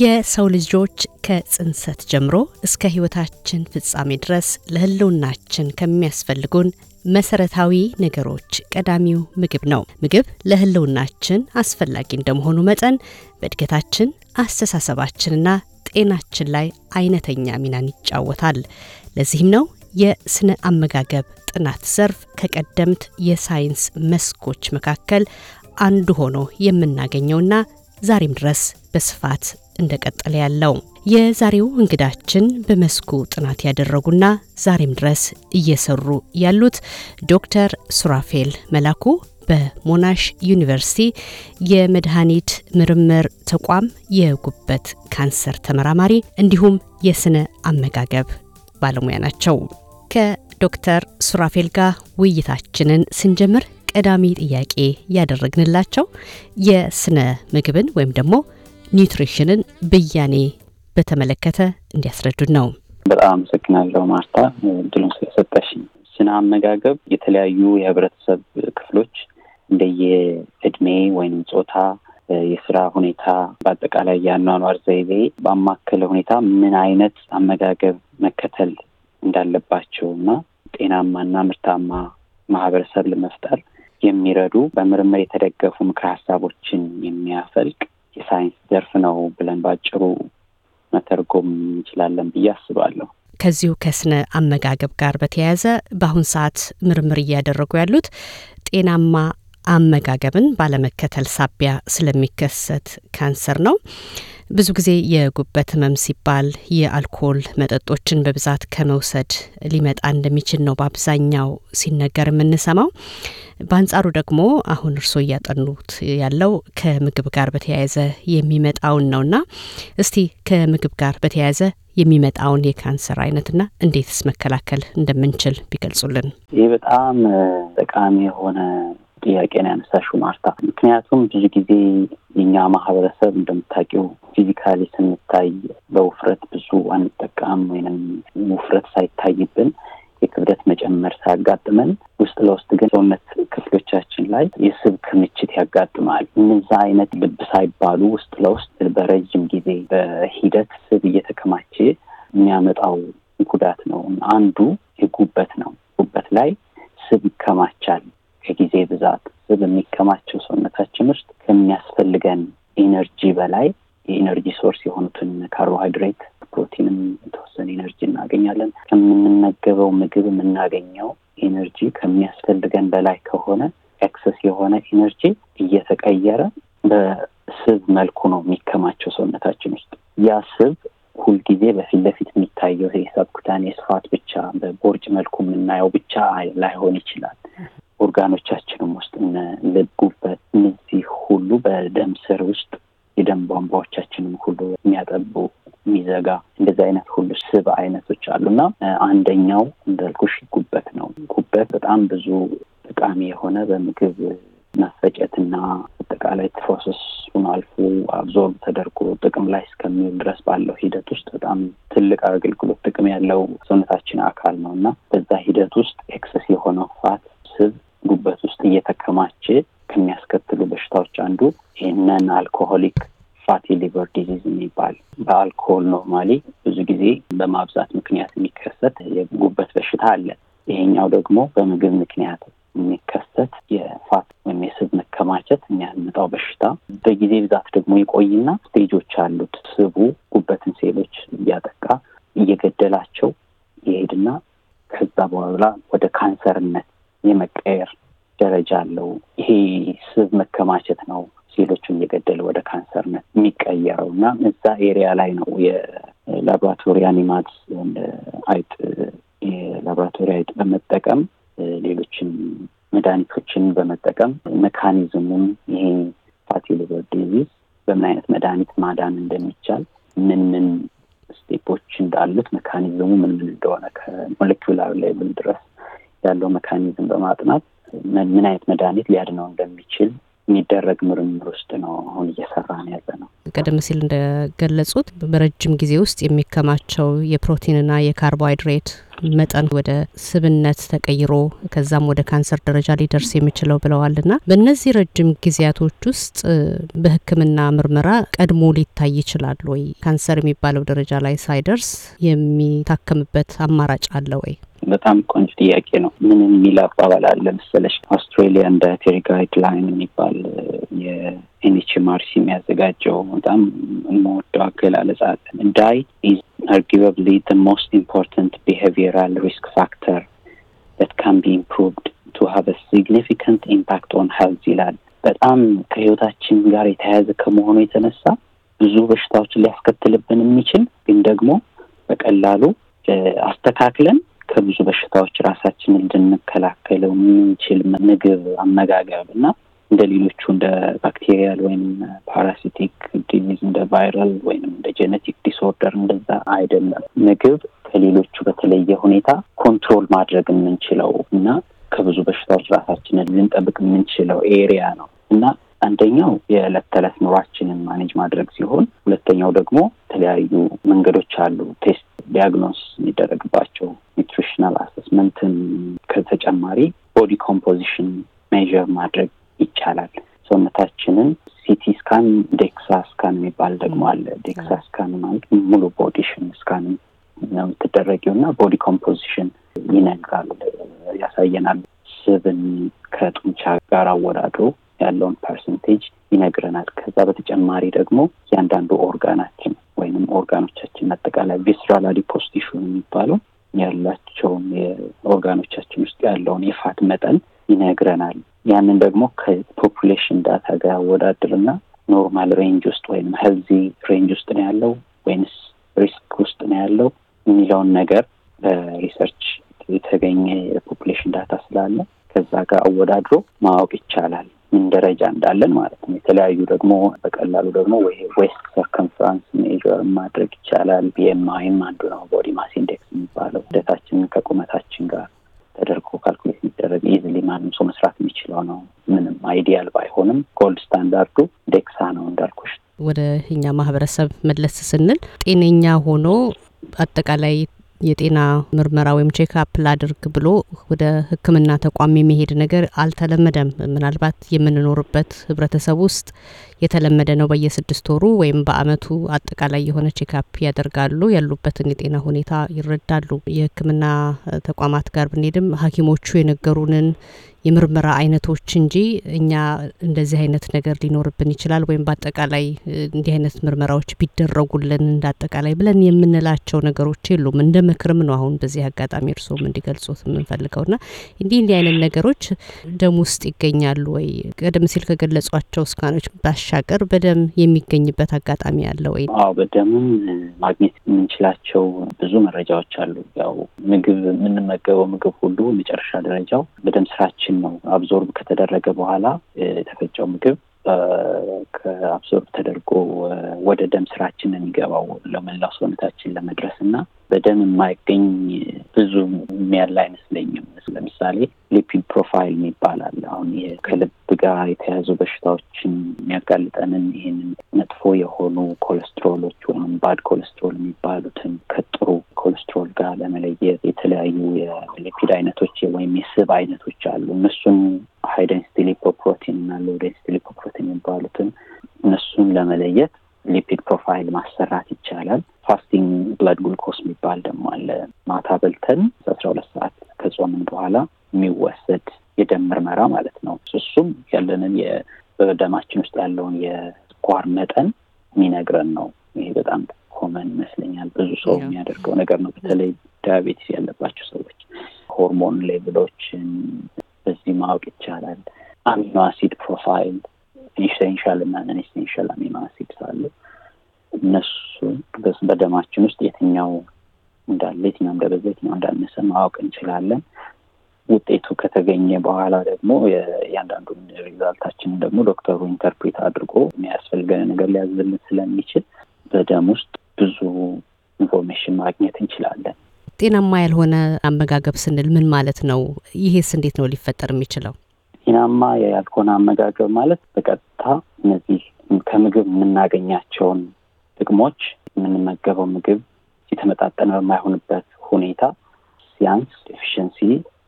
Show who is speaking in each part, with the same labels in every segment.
Speaker 1: የሰው ልጆች ከጽንሰት ጀምሮ እስከ ሕይወታችን ፍጻሜ ድረስ ለህልውናችን ከሚያስፈልጉን መሰረታዊ ነገሮች ቀዳሚው ምግብ ነው። ምግብ ለህልውናችን አስፈላጊ እንደመሆኑ መጠን በእድገታችን፣ አስተሳሰባችንና ጤናችን ላይ አይነተኛ ሚናን ይጫወታል። ለዚህም ነው የስነ አመጋገብ ጥናት ዘርፍ ከቀደምት የሳይንስ መስኮች መካከል አንዱ ሆኖ የምናገኘውና ዛሬም ድረስ በስፋት እንደቀጠለ ያለው። የዛሬው እንግዳችን በመስኩ ጥናት ያደረጉና ዛሬም ድረስ እየሰሩ ያሉት ዶክተር ሱራፌል መላኩ በሞናሽ ዩኒቨርሲቲ የመድኃኒት ምርምር ተቋም የጉበት ካንሰር ተመራማሪ እንዲሁም የስነ አመጋገብ ባለሙያ ናቸው። ከዶክተር ሱራፌል ጋር ውይይታችንን ስንጀምር ቀዳሚ ጥያቄ ያደረግንላቸው የስነ ምግብን ወይም ደግሞ ኒውትሪሽንን ብያኔ በተመለከተ እንዲያስረዱን ነው። በጣም አመሰግናለሁ
Speaker 2: ማርታ እድሉን ስለሰጠሽኝ። ስነ አመጋገብ የተለያዩ የህብረተሰብ ክፍሎች እንደየ እድሜ ወይም ጾታ፣ የስራ ሁኔታ፣ በአጠቃላይ የአኗኗር ዘይቤ ባማከለ ሁኔታ ምን አይነት አመጋገብ መከተል እንዳለባቸው እና ጤናማና ምርታማ ማህበረሰብ ለመፍጠር የሚረዱ በምርምር የተደገፉ ምክረ ሀሳቦችን የሚያፈልቅ የሳይንስ ዘርፍ ነው ብለን ባጭሩ መተርጎም እንችላለን ብዬ አስባለሁ።
Speaker 1: ከዚሁ ከስነ አመጋገብ ጋር በተያያዘ በአሁን ሰዓት ምርምር እያደረጉ ያሉት ጤናማ አመጋገብን ባለመከተል ሳቢያ ስለሚከሰት ካንሰር ነው። ብዙ ጊዜ የጉበት ህመም ሲባል የአልኮል መጠጦችን በብዛት ከመውሰድ ሊመጣ እንደሚችል ነው በአብዛኛው ሲነገር የምንሰማው። በአንጻሩ ደግሞ አሁን እርስዎ እያጠኑት ያለው ከምግብ ጋር በተያያዘ የሚመጣውን ነውና እስቲ ከምግብ ጋር በተያያዘ የሚመጣውን የካንሰር አይነትና እንዴትስ መከላከል እንደምንችል ቢገልጹልን።
Speaker 2: ይህ በጣም ጠቃሚ የሆነ ጥያቄ ነው ያነሳሽው ማርታ። ምክንያቱም ብዙ ጊዜ የኛ ማህበረሰብ እንደምታውቂው ፊዚካሊ ስንታይ በውፍረት ብዙ አንጠቃም ወይም ውፍረት ሳይታይብን የክብደት መጨመር ሳያጋጥመን ውስጥ ለውስጥ ግን ሰውነት ክፍሎቻችን ላይ የስብ ክምችት ያጋጥማል። እነዛ አይነት ልብ ሳይባሉ ውስጥ ለውስጥ በረጅም ጊዜ በሂደት ስብ እየተከማቸ የሚያመጣው ጉዳት ነው። አንዱ የጉበት ነው። ጉበት ላይ ስብ ይከማቻል። ከጊዜ ብዛት በሚከማቸው ሰውነታችን ውስጥ ከሚያስፈልገን ኢነርጂ በላይ የኢነርጂ ሶርስ የሆኑትን ካርቦሃይድሬት፣ ፕሮቲንም የተወሰነ ኢነርጂ እናገኛለን። ከምንመገበው ምግብ የምናገኘው ኢነርጂ ከሚያስፈልገን በላይ ከሆነ ኤክሰስ የሆነ ኢነርጂ እየተቀየረ በስብ መልኩ ነው የሚከማቸው ሰውነታችን ውስጥ። ያ ስብ ሁልጊዜ በፊት ለፊት የሚታየው የሰብኩታኔ ስፋት ብቻ በቦርጭ መልኩ የምናየው ብቻ ላይሆን ይችላል። ኦርጋኖቻችንም ውስጥ ልቡ፣ እነዚህ ሁሉ በደም ስር ውስጥ የደም ቧንቧዎቻችንም ሁሉ የሚያጠቡ የሚዘጋ እንደዚህ አይነት ሁሉ ስብ አይነቶች አሉና አንደኛው እንዳልኩሽ ጉበት ነው። ጉበት በጣም ብዙ ጠቃሚ የሆነ በምግብ መፈጨትና አጠቃላይ ፕሮሰስ አልፎ አብዞርብ ተደርጎ ጥቅም ላይ እስከሚውል ድረስ ባለው ሂደት ውስጥ በጣም ትልቅ አገልግሎት ጥቅም ያለው ሰውነታችን አካል ነው እና በዛ ሂደት ውስጥ ኤክሰስ ነን አልኮሆሊክ ፋቲ ሊቨር ዲዚዝ የሚባል በአልኮሆል ኖርማሊ ብዙ ጊዜ በማብዛት ምክንያት የሚከሰት የጉበት በሽታ አለ። ይሄኛው ደግሞ በምግብ ምክንያት የሚከሰት የፋት ወይም የስብ መከማቸት የሚያመጣው በሽታ በጊዜ ብዛት ደግሞ ይቆይና ስቴጆች አሉት። ስቡ ጉበትን ሴሎች እያጠቃ እየገደላቸው ይሄድና ከዛ በኋላ ወደ ካንሰርነት የመቀየር ደረጃ አለው። ይሄ ስብ መከማቸት ነው ሴሎቹን እየገደለ ወደ ካንሰርነት የሚቀየረው እና እዛ ኤሪያ ላይ ነው የላቦራቶሪ አኒማልስ አይጥ የላቦራቶሪ አይጥ በመጠቀም ሌሎችን መድኃኒቶችን በመጠቀም መካኒዝሙን ይሄ ፋቲ ሊቨር ዲዚዝ በምን አይነት መድኃኒት ማዳን እንደሚቻል ምን ምን ስቴፖች እንዳሉት መካኒዝሙ ምን ምን እንደሆነ ከሞለኪላር ሌቭል ድረስ ያለው መካኒዝም በማጥናት ምን አይነት መድኃኒት ሊያድነው እንደሚችል የሚደረግ ምርምር ውስጥ ነው አሁን እየሰራ
Speaker 1: ነው ያለ ነው። ቀደም ሲል እንደገለጹት በረጅም ጊዜ ውስጥ የሚከማቸው የፕሮቲንና የካርቦሃይድሬት መጠን ወደ ስብነት ተቀይሮ ከዛም ወደ ካንሰር ደረጃ ሊደርስ የሚችለው ብለዋል ና በእነዚህ ረጅም ጊዜያቶች ውስጥ በሕክምና ምርመራ ቀድሞ ሊታይ ይችላል ወይ? ካንሰር የሚባለው ደረጃ ላይ ሳይደርስ የሚታከምበት አማራጭ አለ ወይ?
Speaker 2: በጣም ቆንጆ ጥያቄ ነው። ምን የሚል አባባል አለ መሰለሽ አውስትሬሊያን ዳይተሪ ጋይድላይን የሚባል የኤንኤችኤምአርሲ የሚያዘጋጀው በጣም የምወደው አገላለጽ አለ። ዳይት ኢዝ አርጊባብሊ ዘ ሞስት ኢምፖርታንት ቢሄቪየራል ሪስክ ፋክተር ት ካን ቢ ኢምፕሩቭድ ቱ ሀቭ ሲግኒፊካንት ኢምፓክት ኦን ሄልዝ ይላል። በጣም ከህይወታችን ጋር የተያያዘ ከመሆኑ የተነሳ ብዙ በሽታዎችን ሊያስከትልብን የሚችል ግን ደግሞ በቀላሉ አስተካክለን ከብዙ በሽታዎች ራሳችን እንድንከላከለው የምንችል ምግብ አመጋገብ እና እንደ ሌሎቹ እንደ ባክቴሪያል ወይም ፓራሲቲክ ዲዚዝ እንደ ቫይራል ወይም እንደ ጄኔቲክ ዲስኦርደር እንደዛ አይደለም። ምግብ ከሌሎቹ በተለየ ሁኔታ ኮንትሮል ማድረግ የምንችለው እና ከብዙ በሽታዎች ራሳችንን ልንጠብቅ የምንችለው ኤሪያ ነው እና አንደኛው የዕለት ተዕለት ኑሯችንን ማኔጅ ማድረግ ሲሆን፣ ሁለተኛው ደግሞ የተለያዩ መንገዶች አሉ ቴስት ዲያግኖስ የሚደረግባቸው ኒትሪሽናል አሰስመንትን ከተጨማሪ ቦዲ ኮምፖዚሽን ሜዥር ማድረግ ይቻላል። ሰውነታችንን ሲቲ ስካን፣ ዴክሳ ስካን የሚባል ደግሞ አለ። ዴክሳ ስካን ማለት ሙሉ ቦዲሽን ስካን ነው የምትደረጊው እና ቦዲ ኮምፖዚሽን ይነግራል፣ ያሳየናል። ስብን ከጡንቻ ጋር አወዳድሮ ያለውን ፐርሰንቴጅ ይነግረናል። ከዛ በተጨማሪ ደግሞ እያንዳንዱ ኦርጋናችን ወይንም ኦርጋኖቻችን አጠቃላይ ቪስራል አዲፖስ የሚባለው ያላቸውን ኦርጋኖቻችን ውስጥ ያለውን የፋት መጠን ይነግረናል። ያንን ደግሞ ከፖፑሌሽን ዳታ ጋር ያወዳድርና ኖርማል ሬንጅ ውስጥ ወይም ሄልዚ ሬንጅ ውስጥ ነው ያለው ወይንስ ሪስክ ውስጥ ነው ያለው የሚለውን ነገር በሪሰርች የተገኘ የፖፑሌሽን ዳታ ስላለ ከዛ ጋር አወዳድሮ ማወቅ ይቻላል ምን ደረጃ እንዳለን ማለት ነው። የተለያዩ ደግሞ በቀላሉ ደግሞ ወይ ዌስት ሰርከምፍራንስ ሜዥር ማድረግ ይቻላል። ቢኤምአይም አንዱ ነው፣ ቦዲ ማስ ኢንዴክስ የሚባለው ደታችን ከቁመታችን ጋር ተደርጎ ካልኩሌት የሚደረግ ኢዝሊ ማንም ሰው መስራት የሚችለው ነው። ምንም አይዲያል ባይሆንም ጎልድ ስታንዳርዱ ዴክሳ ነው
Speaker 1: እንዳልኩሽ። ወደ እኛ ማህበረሰብ መለስ ስንል ጤነኛ ሆኖ አጠቃላይ የጤና ምርመራ ወይም ቼክአፕ ላድርግ ብሎ ወደ ሕክምና ተቋም የሚሄድ ነገር አልተለመደም። ምናልባት የምንኖርበት ህብረተሰብ ውስጥ የተለመደ ነው። በየስድስት ወሩ ወይም በአመቱ አጠቃላይ የሆነ ቼካፕ ያደርጋሉ። ያሉበትን የጤና ሁኔታ ይረዳሉ። የህክምና ተቋማት ጋር ብንሄድም ሐኪሞቹ የነገሩንን የምርመራ አይነቶች እንጂ እኛ እንደዚህ አይነት ነገር ሊኖርብን ይችላል ወይም በአጠቃላይ እንዲህ አይነት ምርመራዎች ቢደረጉልን እንዳጠቃላይ ብለን የምንላቸው ነገሮች የሉም። እንደ ምክርም ነው አሁን በዚህ አጋጣሚ እርስዎም እንዲገልጹት የምንፈልገው ና እንዲህ እንዲህ አይነት ነገሮች ደም ውስጥ ይገኛሉ ወይ ቀደም ሲል ከገለጿቸው ስካኖች ባሻ ባሻገር በደም የሚገኝበት አጋጣሚ አለ ወይ? አዎ
Speaker 2: በደምም ማግኘት የምንችላቸው ብዙ መረጃዎች አሉ። ያው ምግብ የምንመገበው ምግብ ሁሉ መጨረሻ ደረጃው በደም ስራችን ነው። አብዞርብ ከተደረገ በኋላ የተፈጨው ምግብ ከአብዞርብ ተደርጎ ወደ ደም ስራችን የሚገባው ለመላው ሰውነታችን ለመድረስ እና በደም የማይገኝ ብዙ የሚያለ አይመስለኝም። ለምሳሌ ሊፒድ ፕሮፋይል ይባላል። አሁን ከልብ ጋር የተያዙ በሽታዎችን የሚያጋልጠንን ይህንን መጥፎ የሆኑ ኮሌስትሮሎች ወይም ባድ ኮሌስትሮል የሚባሉትን ከጥሩ ኮሌስትሮል ጋር ለመለየት የተለያዩ የሊፒድ አይነቶች ወይም የስብ አይነቶች አሉ። እነሱን ሀይ ደንሲቲ ሊፖፕሮቲን እና ሎው ደንሲቲ ሊፖፕሮቲን የሚባሉትን እነሱን ለመለየት ሊፒድ ፕሮፋይል ማሰራት ይቻላል። ፋስቲንግ ብላድ ግሉኮስ የሚባል ደግሞ አለ። ማታ በልተን አስራ ሁለት ሰዓት ከጾምን በኋላ የሚወሰድ የደም ምርመራ ማለት ነው። እሱም ያለንን በደማችን ውስጥ ያለውን የስኳር መጠን የሚነግረን ነው። ይሄ በጣም ኮመን ይመስለኛል ብዙ ሰው የሚያደርገው ነገር ነው። በተለይ ዳያቤቲስ ያለባቸው ሰዎች ሆርሞን ሌቭሎችን በዚህ ማወቅ ይቻላል። አሚኖ አሲድ ፕሮፋይል ኢንሴንሻል እና ነን ኢንሴንሻል አሚኖ አሲድ ሳለ እነሱ በደማችን ውስጥ የትኛው እንዳለ የትኛው እንደበዛ የትኛው እንዳነሰ ማወቅ እንችላለን። ውጤቱ ከተገኘ በኋላ ደግሞ የእያንዳንዱን ሪዛልታችንን ደግሞ ዶክተሩ ኢንተርፕሬት አድርጎ የሚያስፈልገን ነገር ሊያዝልን ስለሚችል በደም ውስጥ ብዙ ኢንፎርሜሽን ማግኘት እንችላለን።
Speaker 1: ጤናማ ያልሆነ አመጋገብ ስንል ምን ማለት ነው? ይሄስ እንዴት ነው ሊፈጠር የሚችለው?
Speaker 2: ጤናማ ያልሆነ አመጋገብ ማለት በቀጥታ እነዚህ ከምግብ የምናገኛቸውን ጥቅሞች የምንመገበው ምግብ የተመጣጠነ በማይሆንበት ሁኔታ ሲያንስ ዴፊሽንሲ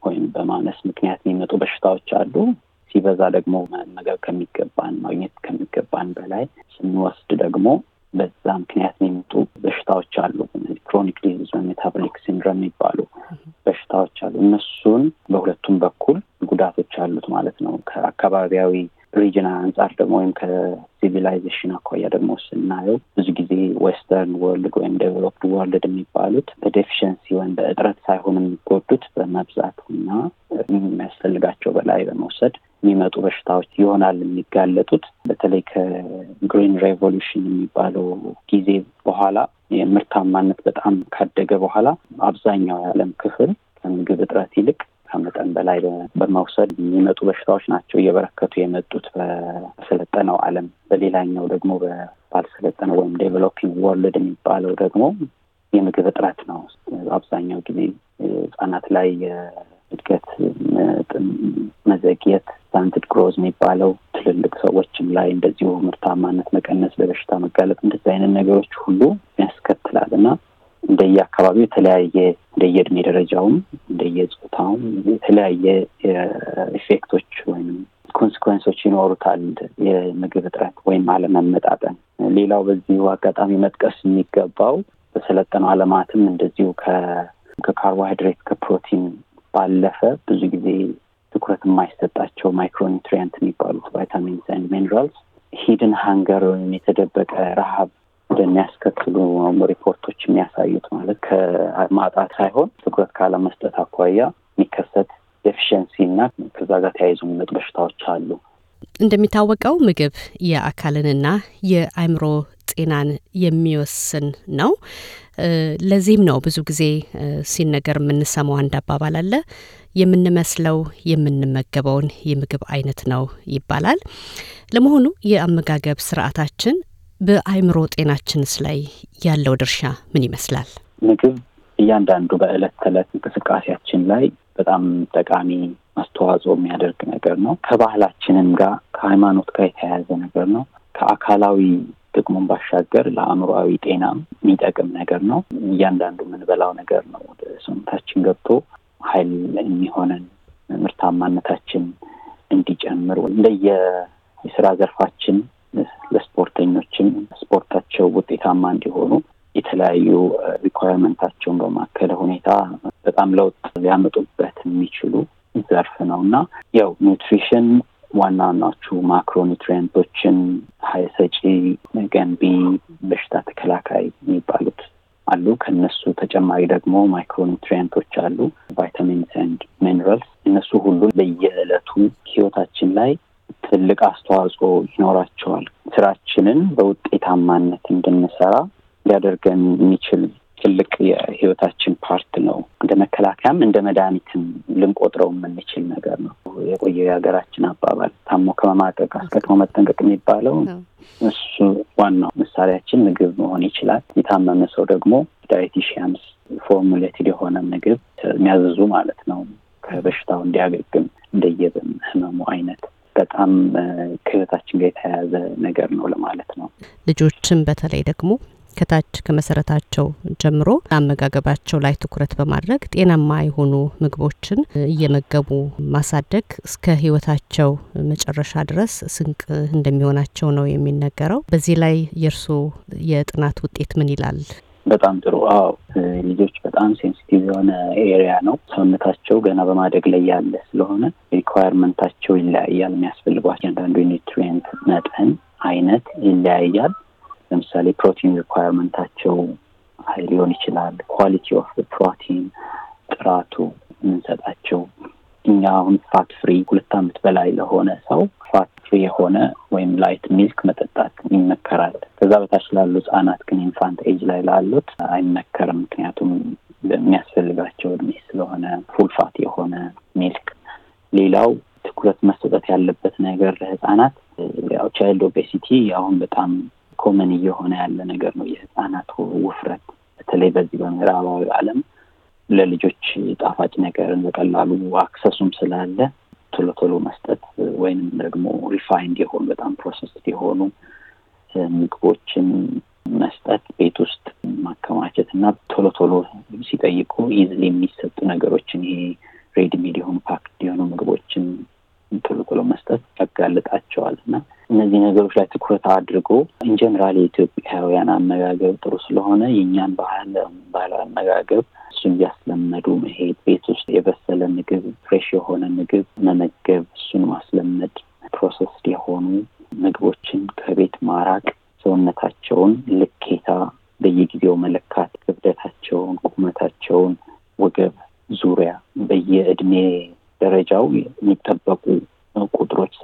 Speaker 2: ወይም በማነስ ምክንያት የሚመጡ በሽታዎች አሉ። ሲበዛ ደግሞ መመገብ ከሚገባን ማግኘት ከሚገባን በላይ ስንወስድ ደግሞ በዛ ምክንያት የሚመጡ በሽታዎች አሉ። ክሮኒክ ዲዚዝ ሜታቦሊክ ሲንድረም የሚባሉ በሽታዎች አሉ። እነሱን በሁለቱም በኩል ጉዳቶች አሉት ማለት ነው። ከአካባቢያዊ ሪጅና አንጻር ደግሞ ወይም ከሲቪላይዜሽን አኳያ ደግሞ ስናየው ብዙ ጊዜ ዌስተርን ወርልድ ወይም ዴቨሎፕድ ወርልድ የሚባሉት በዴፊሽንሲ ወይም በእጥረት ሳይሆን የሚጎዱት በመብዛቱና የሚያስፈልጋቸው በላይ በመውሰድ የሚመጡ በሽታዎች ይሆናል የሚጋለጡት። በተለይ ከግሪን ሬቮሉሽን የሚባለው ጊዜ በኋላ የምርታማነት በጣም ካደገ በኋላ አብዛኛው የዓለም ክፍል ከምግብ እጥረት ይልቅ ከመጠን በላይ በመውሰድ የሚመጡ በሽታዎች ናቸው እየበረከቱ የመጡት በሰለጠነው ዓለም። በሌላኛው ደግሞ ባልሰለጠነው ወይም ዴቨሎፒንግ ወርልድ የሚባለው ደግሞ የምግብ እጥረት ነው። አብዛኛው ጊዜ ህጻናት ላይ የእድገት መዘግየት ስታንትድ ግሮዝ የሚባለው ትልልቅ ሰዎችም ላይ እንደዚሁ ምርታማነት መቀነስ፣ ለበሽታ መጋለጥ እንደዚህ አይነት ነገሮች ሁሉ ያስከትላል እና እንደየ አካባቢው የተለያየ እንደየእድሜ ደረጃውም እንደየጾታውም የተለያየ ኢፌክቶች ወይም ኮንስኮንሶች ይኖሩታል። የምግብ እጥረት ወይም አለመመጣጠን። ሌላው በዚሁ አጋጣሚ መጥቀስ የሚገባው በሰለጠነው ዓለማትም እንደዚሁ ከካርቦሃይድሬት ከፕሮቲን ባለፈ ብዙ ጊዜ ትኩረት የማይሰጣቸው ማይክሮኒትሪያንት የሚባሉት ቫይታሚንስ ኤንድ ሚኒራልስ ሂድን ሃንገር ወይም የተደበቀ ረሃብ እንደሚያስከትሉ ሪፖርቶች የሚያሳዩት ማለት ከማጣት ሳይሆን ትኩረት ካለመስጠት አኳያ የሚከሰት ኤፊሽንሲ እና ከዛ ጋር ተያይዞ የሚመጡ በሽታዎች አሉ።
Speaker 1: እንደሚታወቀው ምግብ የአካልንና የአእምሮ ጤናን የሚወስን ነው። ለዚህም ነው ብዙ ጊዜ ሲነገር የምንሰማው አንድ አባባል አለ፣ የምንመስለው የምንመገበውን የምግብ አይነት ነው ይባላል። ለመሆኑ የአመጋገብ ስርዓታችን በአእምሮ ጤናችንስ ላይ ያለው ድርሻ ምን ይመስላል?
Speaker 2: ምግብ እያንዳንዱ በዕለት ተዕለት እንቅስቃሴያችን ላይ በጣም ጠቃሚ አስተዋጽኦ የሚያደርግ ነገር ነው። ከባህላችንም ጋር ከሃይማኖት ጋር የተያያዘ ነገር ነው። ከአካላዊ ጥቅሙን ባሻገር ለአእምሮዊ ጤናም የሚጠቅም ነገር ነው። እያንዳንዱ የምንበላው ነገር ነው ወደ ሰውነታችን ገብቶ ኃይል የሚሆነን ምርታማነታችን እንዲጨምር እንደየ የስራ ዘርፋችን ለስፖርተኞችም ስፖርታቸው ውጤታማ እንዲሆኑ የተለያዩ ሪኳየርመንታቸውን በማከለ ሁኔታ በጣም ለውጥ ሊያመጡበት የሚችሉ ዘርፍ ነው እና ያው ኒውትሪሽን ዋና ዋናዎቹ ማክሮ ኒውትሪየንቶችን ሀይ ሰጪ፣ ገንቢ፣ በሽታ ተከላካይ የሚባሉት አሉ። ከነሱ ተጨማሪ ደግሞ ማይክሮ ኒውትሪየንቶች አሉ፣ ቫይታሚንስ ንድ ሚነራልስ። እነሱ ሁሉ በየዕለቱ ህይወታችን ላይ ትልቅ አስተዋጽኦ ይኖራቸዋል። ስራችንን በውጤታማነት እንድንሰራ ሊያደርገን የሚችል ትልቅ የህይወታችን ፓርት ነው። እንደ መከላከያም እንደ መድኃኒትም ልንቆጥረው የምንችል ነገር ነው። የቆየው የሀገራችን አባባል ታሞ ከመማቀቅ አስቀድሞ መጠንቀቅ የሚባለው እሱ ዋናው መሳሪያችን ምግብ መሆን ይችላል። የታመመ ሰው ደግሞ ዳይቲሽያንስ ፎርሙሌትድ የሆነ ምግብ የሚያዝዙ ማለት ነው ከበሽታው እንዲያገግም እንደየህመሙ አይነት በጣም ከህይወታችን ጋር የተያያዘ ነገር ነው ለማለት ነው።
Speaker 1: ልጆችን በተለይ ደግሞ ከታች ከመሰረታቸው ጀምሮ አመጋገባቸው ላይ ትኩረት በማድረግ ጤናማ የሆኑ ምግቦችን እየመገቡ ማሳደግ እስከ ህይወታቸው መጨረሻ ድረስ ስንቅ እንደሚሆናቸው ነው የሚነገረው። በዚህ ላይ የእርሶ የጥናት ውጤት ምን ይላል?
Speaker 2: በጣም ጥሩ። አዎ ልጆች በጣም ሴንሲቲቭ የሆነ ኤሪያ ነው። ሰውነታቸው ገና በማደግ ላይ ያለ ስለሆነ ሪኳየርመንታቸው ይለያያል። የሚያስፈልጓቸው እያንዳንዱ የኒትሪንት መጠን አይነት ይለያያል። ለምሳሌ ፕሮቲን ሪኳየርመንታቸው ሊሆን ይችላል። ኳሊቲ ኦፍ ፕሮቲን ጥራቱ የምንሰጣቸው እኛ አሁን ፋት ፍሪ ሁለት አመት በላይ ለሆነ ሰው ፋት ፍሪ የሆነ ወይም ላይት ሚልክ መጠጣት ይመከራል። ከዛ በታች ላሉ ህጻናት ግን ኢንፋንት ኤጅ ላይ ላሉት አይመከርም። ምክንያቱም የሚያስፈልጋቸው እድሜ ስለሆነ ፉል ፋት የሆነ ሚልክ። ሌላው ትኩረት መሰጠት ያለበት ነገር ለህጻናት ያው ቻይልድ ኦቤሲቲ አሁን በጣም ኮመን እየሆነ ያለ ነገር ነው። የህጻናት ውፍረት በተለይ በዚህ በምዕራባዊ ዓለም ለልጆች ጣፋጭ ነገርን በቀላሉ አክሰሱም ስላለ ቶሎ ቶሎ መስጠት ወይንም ደግሞ ሪፋይንድ የሆኑ በጣም ፕሮሰስ የሆኑ ምግቦችን መስጠት፣ ቤት ውስጥ ማከማቸት እና ቶሎ ቶሎ ሲጠይቁ ኢዝሊ የሚሰጡ ነገሮችን ይሄ ሬድሚድ የሆኑ ፓክድ የሆኑ ምግቦችን ቶሎ ቶሎ መስጠት ያጋልጣቸዋል እና እነዚህ ነገሮች ላይ ትኩረት አድርጎ ኢንጀነራል የኢትዮጵያውያን አመጋገብ ጥሩ ስለሆነ የእኛን ባህል ባህላዊ አመጋገብ እሱን እያስለመዱ መሄድ፣ ቤት ውስጥ የበሰለ ምግብ፣ ፍሬሽ የሆነ ምግብ መመገብ፣ እሱን ማስለመድ፣ ፕሮሰስ የሆኑ ምግቦችን ከቤት ማራቅ፣ ሰውነታቸውን ልኬታ በየጊዜው መለካት፣ ክብደታቸውን፣ ቁመታቸውን፣ ወገብ ዙሪያ በየእድሜ ደረጃው የሚጠበቁ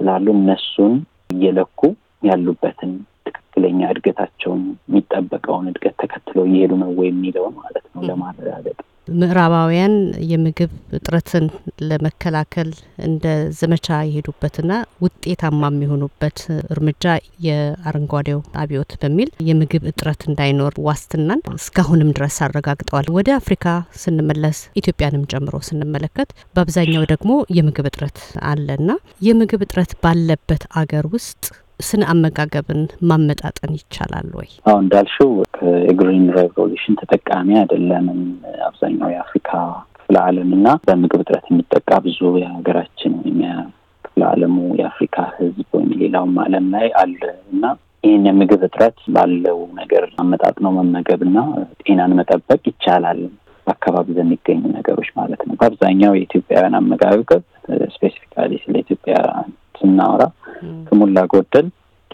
Speaker 2: ስላሉ እነሱን እየለኩ ያሉበትን ትክክለኛ እድገታቸውን የሚጠበቀውን እድገት ተከትለው እየሄዱ ነው ወይ የሚለውን ማለት ነው ለማረጋገጥ
Speaker 1: ምዕራባውያን የምግብ እጥረትን ለመከላከል እንደ ዘመቻ የሄዱበትና ውጤታማ የሆኑበት እርምጃ የአረንጓዴው አብዮት በሚል የምግብ እጥረት እንዳይኖር ዋስትናን እስካሁንም ድረስ አረጋግጠዋል። ወደ አፍሪካ ስንመለስ ኢትዮጵያንም ጨምሮ ስንመለከት በአብዛኛው ደግሞ የምግብ እጥረት አለና የምግብ እጥረት ባለበት አገር ውስጥ ስነ አመጋገብን ማመጣጠን ይቻላል ወይ?
Speaker 2: አሁ እንዳልሽው ከግሪን ሬቮሉሽን ተጠቃሚ አይደለንም አብዛኛው የአፍሪካ ክፍለ ዓለም እና በምግብ እጥረት የሚጠቃ ብዙ የሀገራችን ወይም ክፍለ ዓለሙ የአፍሪካ ሕዝብ ወይም ሌላውም ዓለም ላይ አለ እና ይህን የምግብ እጥረት ባለው ነገር አመጣጥነው መመገብ እና ጤናን መጠበቅ ይቻላል። በአካባቢ በሚገኙ ነገሮች ማለት ነው። በአብዛኛው የኢትዮጵያውያን አመጋገብ ስፔሲፊካሊ ስለ ኢትዮጵያ ስናወራ ከሞላ ጎደል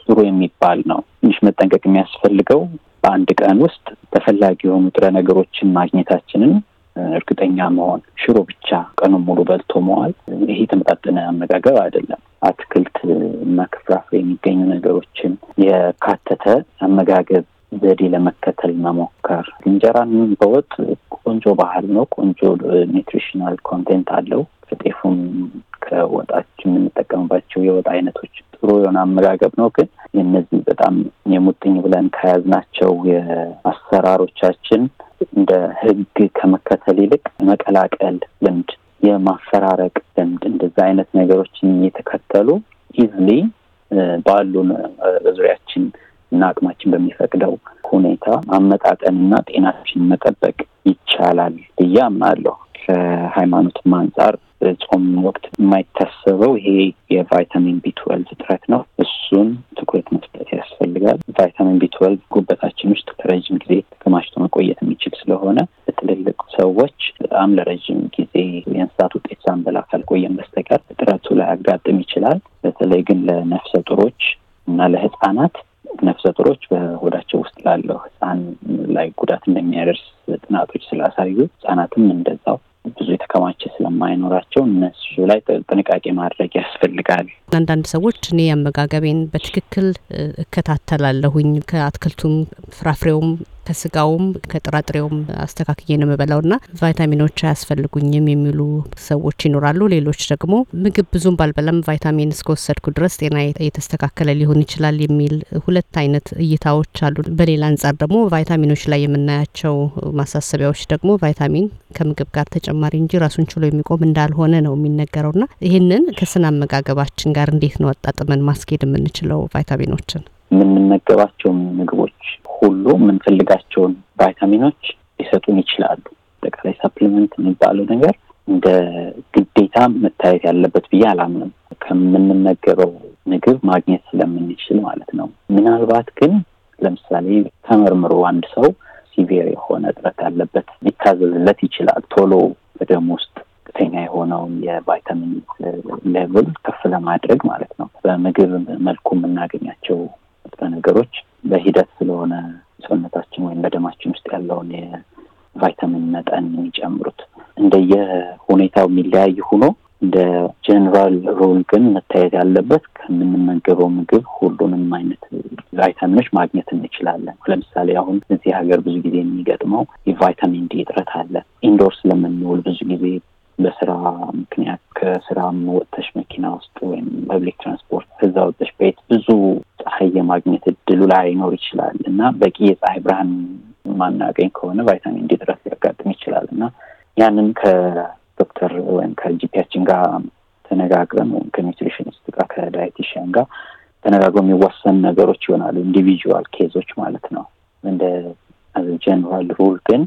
Speaker 2: ጥሩ የሚባል ነው። ትንሽ መጠንቀቅ የሚያስፈልገው በአንድ ቀን ውስጥ ተፈላጊ የሆኑ ጥረ ነገሮችን ማግኘታችንን እርግጠኛ መሆን፣ ሽሮ ብቻ ቀኑን ሙሉ በልቶ መዋል፣ ይሄ የተመጣጠነ አመጋገብ አይደለም። አትክልት እና የሚገኙ ነገሮችን የካተተ አመጋገብ ዘዴ ለመከተል መሞከር። እንጀራን በወጥ ቆንጆ ባህል ነው፣ ቆንጆ ኒትሪሽናል ኮንቴንት አለው። ከጤፉም ከወጣች የምንጠቀምባቸው የወጥ አይነቶች ጥሩ የሆነ አመጋገብ ነው። ግን የነዚህ በጣም የሙጥኝ ብለን ከያዝናቸው የአሰራሮቻችን እንደ ህግ ከመከተል ይልቅ መቀላቀል ልምድ፣ የማፈራረቅ ልምድ እንደዛ አይነት ነገሮችን እየተከተሉ ኢዝሊ ባሉን በዙሪያችን እና አቅማችን በሚፈቅደው ሁኔታ ማመጣጠንና ጤናችን መጠበቅ ይቻላል ብዬ አምናለሁ። ከሃይማኖትም አንጻር ጾም ወቅት የማይታሰበው ይሄ የቫይታሚን ቢ ትወልቭ እጥረት ነው። እሱን ትኩረት መስጠት ያስፈልጋል። ቫይታሚን ቢ ትወልቭ ጉበታችን ውስጥ ለረጅም ጊዜ ተከማችቶ መቆየት የሚችል ስለሆነ ትልልቅ ሰዎች በጣም ለረጅም ጊዜ የእንስሳት ውጤት ሳንበላ ካልቆየን በስተቀር እጥረቱ ላያጋጥም ይችላል። በተለይ ግን ለነፍሰ ጡሮች እና ለህፃናት ነፍሰ ጡሮች በሆዳቸው ውስጥ ላለው ህፃን ላይ ጉዳት እንደሚያደርስ ጥናቶች ስላሳዩ ህጻናትም እንደዛው ብዙ የተከማቸ ስለማይኖራቸው እነሱ ላይ ጥንቃቄ ማድረግ ያስፈልጋል።
Speaker 1: አንዳንድ ሰዎች እኔ አመጋገቤን በትክክል እከታተላለሁኝ ከአትክልቱም ፍራፍሬውም ከስጋውም ከጥራጥሬውም አስተካክዬ ነው ና ቫይታሚኖች አያስፈልጉኝም የሚሉ ሰዎች ይኖራሉ። ሌሎች ደግሞ ምግብ ብዙም ባልበላም ቫይታሚን እስከወሰድኩ ድረስ ጤና የተስተካከለ ሊሆን ይችላል የሚል ሁለት አይነት እይታዎች አሉ። በሌላ አንጻር ደግሞ ቫይታሚኖች ላይ የምናያቸው ማሳሰቢያዎች ደግሞ ቫይታሚን ከምግብ ጋር ተጨማሪ እንጂ ራሱን ችሎ የሚቆም እንዳልሆነ ነው የሚነገረውና ይህንን ከስነ አመጋገባችን ጋር እንዴት ነው አጣጥመን ማስኬድ የምንችለው ቫይታሚኖችን
Speaker 2: የምንመገባቸው ምግቦች ሁሉ የምንፈልጋቸውን ቫይታሚኖች ሊሰጡን ይችላሉ። አጠቃላይ ሰፕሊመንት የሚባለው ነገር እንደ ግዴታ መታየት ያለበት ብዬ አላምንም። ከምንመገበው ምግብ ማግኘት ስለምንችል ማለት ነው። ምናልባት ግን ለምሳሌ ተመርምሮ አንድ ሰው ሲቪር የሆነ እጥረት ያለበት ሊታዘዝለት ይችላል። ቶሎ በደም ውስጥ ከፍተኛ የሆነውን የቫይታሚን ሌቭል ከፍ ለማድረግ ማለት ነው። በምግብ መልኩ የምናገኛቸው ንጥረ ነገሮች በሂደት ስለሆነ ሰውነታችን ወይም በደማችን ውስጥ ያለውን የቫይታሚን መጠን የሚጨምሩት እንደየ ሁኔታው የሚለያይ ሆኖ እንደ ጀነራል ሩል ግን መታየት ያለበት ከምንመገበው ምግብ ሁሉንም አይነት ቫይታሚኖች ማግኘት እንችላለን። ለምሳሌ አሁን እዚህ ሀገር ብዙ ጊዜ የሚገጥመው የቫይታሚን ዲ እጥረት አለ። ኢንዶር ስለምንውል ብዙ ጊዜ በስራ ምክንያት ከስራ ወጥተሽ መኪና ውስጥ ወይም ፐብሊክ ትራንስፖርት ከዛ ወጥተሽ ቤት ብዙ ፀሐይ የማግኘት እድሉ ላይኖር ይችላል እና በቂ የፀሐይ ብርሃን ማናገኝ ከሆነ ቫይታሚን ዲ እጥረት ሊያጋጥም ይችላል እና ያንን ከዶክተር ወይም ከጂፒያችን ጋር ተነጋግረን ወይም ከኒትሪሽንስት ጋር ከዳይቲሽያን ጋር ተነጋግሮ የሚወሰን ነገሮች ይሆናሉ። ኢንዲቪጁዋል ኬዞች ማለት ነው። እንደ ጀነራል ሩል ግን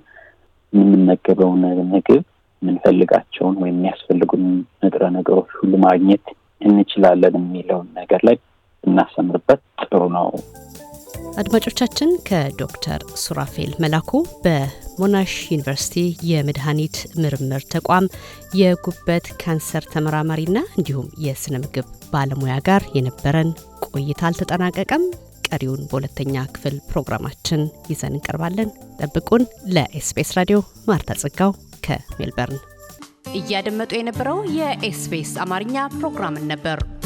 Speaker 2: የምንመገበውን ምግብ የምንፈልጋቸውን ወይም የሚያስፈልጉን ንጥረ ነገሮች ሁሉ ማግኘት እንችላለን የሚለውን ነገር ላይ ብናሰምርበት ጥሩ ነው።
Speaker 1: አድማጮቻችን ከዶክተር ሱራፌል መላኩ በሞናሽ ዩኒቨርሲቲ የመድኃኒት ምርምር ተቋም የጉበት ካንሰር ተመራማሪና እንዲሁም የስነ ምግብ ባለሙያ ጋር የነበረን ቆይታ አልተጠናቀቀም። ቀሪውን በሁለተኛ ክፍል ፕሮግራማችን ይዘን እንቀርባለን። ጠብቁን። ለኤስቢኤስ ራዲዮ ማርታ ጽጋው ከሜልበርን እያደመጡ የነበረው የኤስቢኤስ አማርኛ ፕሮግራምን ነበር።